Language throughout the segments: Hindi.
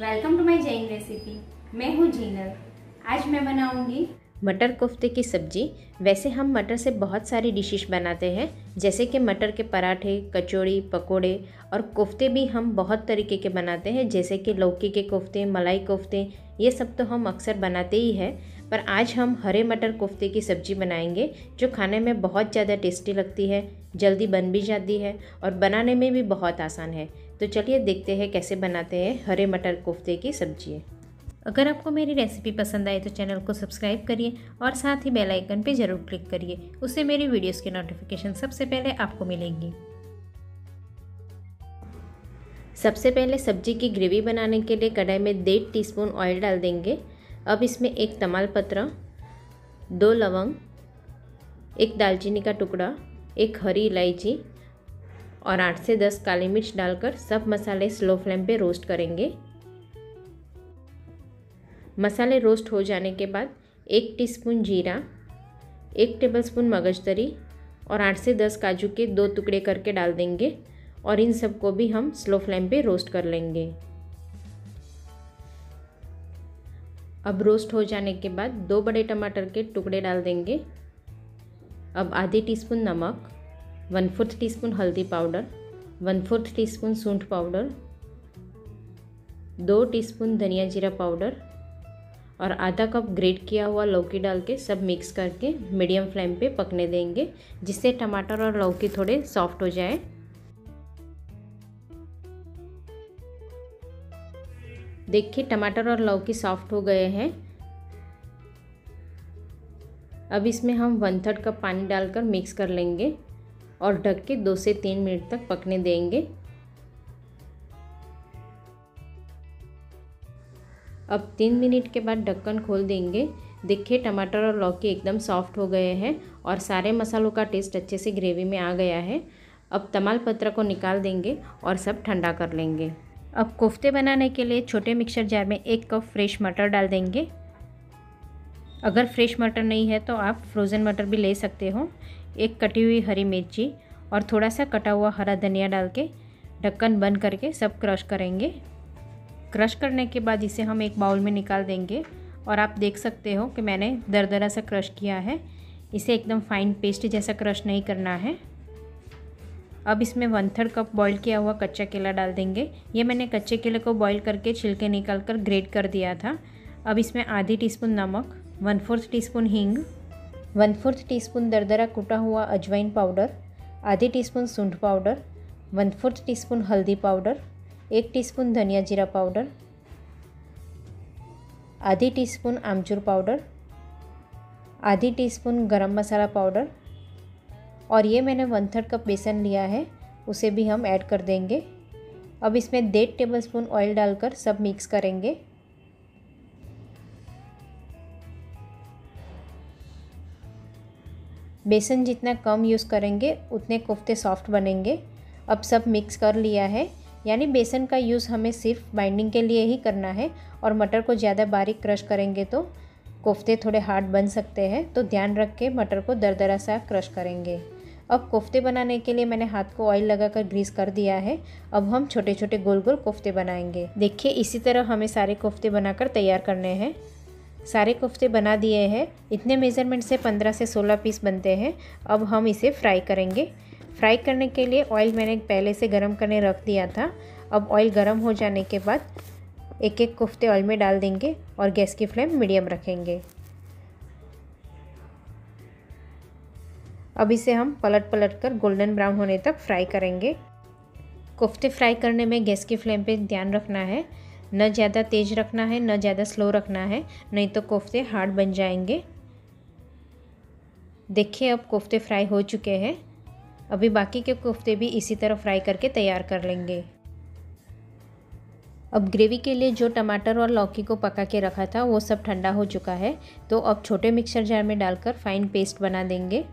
welcome to my Jain recipe मैं हूँ जीनर आज मैं बनाऊँगी मटर कोफ्ते की सब्जी वैसे हम मटर से बहुत सारी डिशेस बनाते हैं जैसे कि मटर के पराठे कचौड़ी पकोड़े और कोफ्ते भी हम बहुत तरीके के बनाते हैं जैसे कि लौकी के कोफ्ते मलाई कोफ्ते ये सब तो हम अक्सर बनाते ही हैं पर आज हम हरे मटर कोफ्ते की सब्जी बनाएंगे जो खाने में बहुत ज़्यादा टेस्टी लगती है जल्दी बन भी जाती है और बनाने में भी बहुत आसान है तो चलिए देखते हैं कैसे बनाते हैं हरे मटर कोफ्ते की सब्जी अगर आपको मेरी रेसिपी पसंद आए तो चैनल को सब्सक्राइब करिए और साथ ही बेल आइकन पर ज़रूर क्लिक करिए उससे मेरी वीडियोस के नोटिफिकेशन सबसे पहले आपको मिलेंगी सबसे पहले सब्जी की ग्रेवी बनाने के लिए कढ़ाई में डेढ़ टी ऑयल डाल देंगे अब इसमें एक तमालपत्र दो लवंग एक दालचीनी का टुकड़ा एक हरी इलायची और आठ से दस काली मिर्च डालकर सब मसाले स्लो फ्लेम पे रोस्ट करेंगे मसाले रोस्ट हो जाने के बाद एक टीस्पून जीरा एक टेबलस्पून तरी और आठ से दस काजू के दो टुकड़े करके डाल देंगे और इन सबको भी हम स्लो फ्लेम पे रोस्ट कर लेंगे अब रोस्ट हो जाने के बाद दो बड़े टमाटर के टुकड़े डाल देंगे अब आधे टीस्पून नमक वन फोर्थ टी स्पून हल्दी powder one fourth teaspoon सूंठ पाउडर दो टी स्पून धनिया जीरा पाउडर और आधा कप ग्रेट किया हुआ लौकी डाल के सब मिक्स करके मीडियम फ्लेम पे पकने देंगे जिससे टमाटर और लौकी थोड़े सॉफ्ट हो जाए देखिए टमाटर और लौकी सॉफ्ट हो गए हैं अब इसमें हम वन थर्ड कप पानी डालकर मिक्स कर लेंगे और ढक के दो से तीन मिनट तक पकने देंगे अब तीन मिनट के बाद ढक्कन खोल देंगे देखिए टमाटर और लौकी एकदम सॉफ्ट हो गए हैं और सारे मसालों का टेस्ट अच्छे से ग्रेवी में आ गया है अब तमाल पत्र को निकाल देंगे और सब ठंडा कर लेंगे अब कोफ्ते बनाने के लिए छोटे मिक्सर जार में एक कप फ्रेश मटर डाल देंगे अगर फ्रेश मटर नहीं है तो आप फ्रोज़न मटर भी ले सकते हो एक कटी हुई हरी मिर्ची और थोड़ा सा कटा हुआ हरा धनिया डाल के ढक्कन बंद करके सब क्रश करेंगे क्रश करने के बाद इसे हम एक बाउल में निकाल देंगे और आप देख सकते हो कि मैंने दरदरा सा क्रश किया है इसे एकदम फाइन पेस्ट जैसा क्रश नहीं करना है अब इसमें वन थर्ड कप बॉईल किया हुआ कच्चा केला डाल देंगे ये मैंने कच्चे केले को बॉईल करके छिलके निकाल कर ग्रेट कर दिया था अब इसमें आधी टीस्पून नमक वन फोर्थ टीस्पून हींग वन फोर्थ टी स्पून दरदरा कूटा हुआ अजवाइन पाउडर आधी टी स्पून सूंढ powder one fourth teaspoon हल्दी पाउडर एक टी स्पून धनिया जीरा पाउडर आधी टी स्पून आमचूर पाउडर आधी टी स्पून गरम मसाला पाउडर और ये मैंने वन थर्ड कप बेसन लिया है उसे भी हम ऐड कर देंगे अब इसमें डेढ़ टेबल स्पून ऑयल डालकर सब मिक्स करेंगे बेसन जितना कम यूज़ करेंगे उतने कोफ्ते सॉफ्ट बनेंगे अब सब मिक्स कर लिया है यानी बेसन का यूज़ हमें सिर्फ बाइंडिंग के लिए ही करना है और मटर को ज़्यादा बारीक क्रश करेंगे तो कोफ्ते थोड़े हार्ड बन सकते हैं तो ध्यान रख के मटर को दरदरा सा क्रश करेंगे अब कोफ्ते बनाने के लिए मैंने हाथ को ऑयल लगा कर ग्रीस कर दिया है अब हम छोटे छोटे गोल गोल कोफ्ते बनाएंगे देखिए इसी तरह हमें सारे कोफ्ते बनाकर तैयार करने हैं सारे कोफ्ते बना दिए हैं इतने मेज़रमेंट से 15 से 16 पीस बनते हैं अब हम इसे फ्राई करेंगे फ्राई करने के लिए ऑयल मैंने पहले से गर्म करने रख दिया था अब ऑयल गर्म हो जाने के बाद एक एक कोफ्ते ऑयल में डाल देंगे और गैस की फ्लेम मीडियम रखेंगे अब इसे हम पलट पलट कर गोल्डन ब्राउन होने तक फ्राई करेंगे कोफ्ते फ्राई करने में गैस की फ्लेम पे ध्यान रखना है न ज़्यादा तेज़ रखना है न ज़्यादा स्लो रखना है नहीं तो कोफ्ते हार्ड बन जाएंगे देखिए अब कोफ्ते फ्राई हो चुके हैं अभी बाकी के कोफ्ते भी इसी तरह फ्राई करके तैयार कर लेंगे अब ग्रेवी के लिए जो टमाटर और लौकी को पका के रखा था वो सब ठंडा हो चुका है तो अब छोटे मिक्सर जार में डालकर फाइन पेस्ट बना देंगे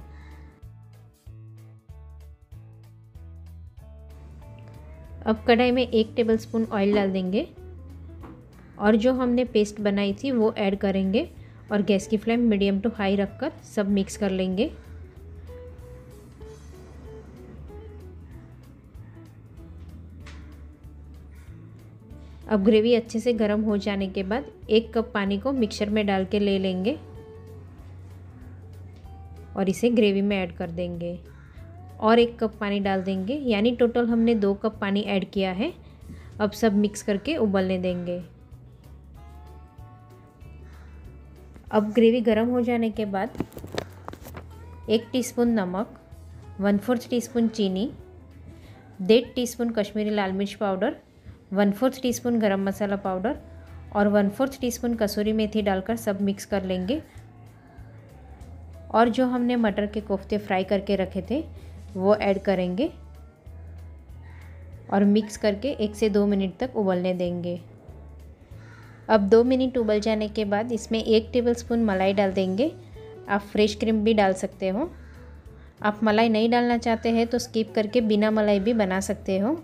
अब कढ़ाई में एक टेबलस्पून ऑयल डाल देंगे और जो हमने पेस्ट बनाई थी वो ऐड करेंगे और गैस की फ्लेम मीडियम टू हाई रखकर सब मिक्स कर लेंगे अब ग्रेवी अच्छे से गर्म हो जाने के बाद एक कप पानी को मिक्सर में डाल के ले लेंगे और इसे ग्रेवी में ऐड कर देंगे और एक कप पानी डाल देंगे यानी टोटल हमने दो कप पानी ऐड किया है अब सब मिक्स करके उबलने देंगे अब ग्रेवी गर्म हो जाने के बाद एक टीस्पून नमक वन फोर्थ टीस्पून चीनी डेढ़ टीस्पून कश्मीरी लाल मिर्च पाउडर वन फोर्थ टीस्पून गरम मसाला पाउडर और वन फोर्थ टीस्पून कसूरी मेथी डालकर सब मिक्स कर लेंगे और जो हमने मटर के कोफ्ते फ्राई करके रखे थे वो ऐड करेंगे और मिक्स करके एक से दो मिनट तक उबलने देंगे अब दो मिनट उबल जाने के बाद इसमें एक टेबलस्पून मलाई डाल देंगे आप फ्रेश क्रीम भी डाल सकते हो आप मलाई नहीं डालना चाहते हैं तो स्किप करके बिना मलाई भी बना सकते हो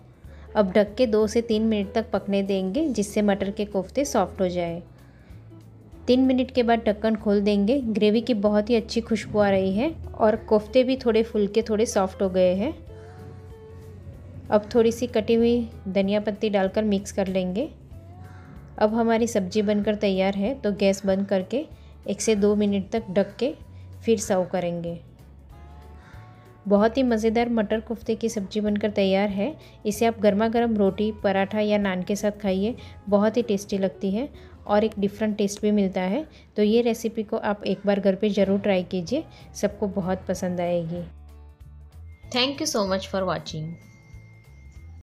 अब ढक के दो से तीन मिनट तक पकने देंगे जिससे मटर के कोफ्ते सॉफ्ट हो जाए तीन मिनट के बाद ढक्कन खोल देंगे ग्रेवी की बहुत ही अच्छी खुशबू आ रही है और कोफ्ते भी थोड़े फुलके थोड़े सॉफ्ट हो गए हैं अब थोड़ी सी कटी हुई धनिया पत्ती डालकर मिक्स कर लेंगे अब हमारी सब्जी बनकर तैयार है तो गैस बंद करके एक से दो मिनट तक ढक के फिर सर्व करेंगे बहुत ही मज़ेदार मटर कोफ्ते की सब्ज़ी बनकर तैयार है इसे आप गर्मा गर्म रोटी पराठा या नान के साथ खाइए बहुत ही टेस्टी लगती है और एक डिफरेंट टेस्ट भी मिलता है तो ये रेसिपी को आप एक बार घर पे ज़रूर ट्राई कीजिए सबको बहुत पसंद आएगी thank you so much for watching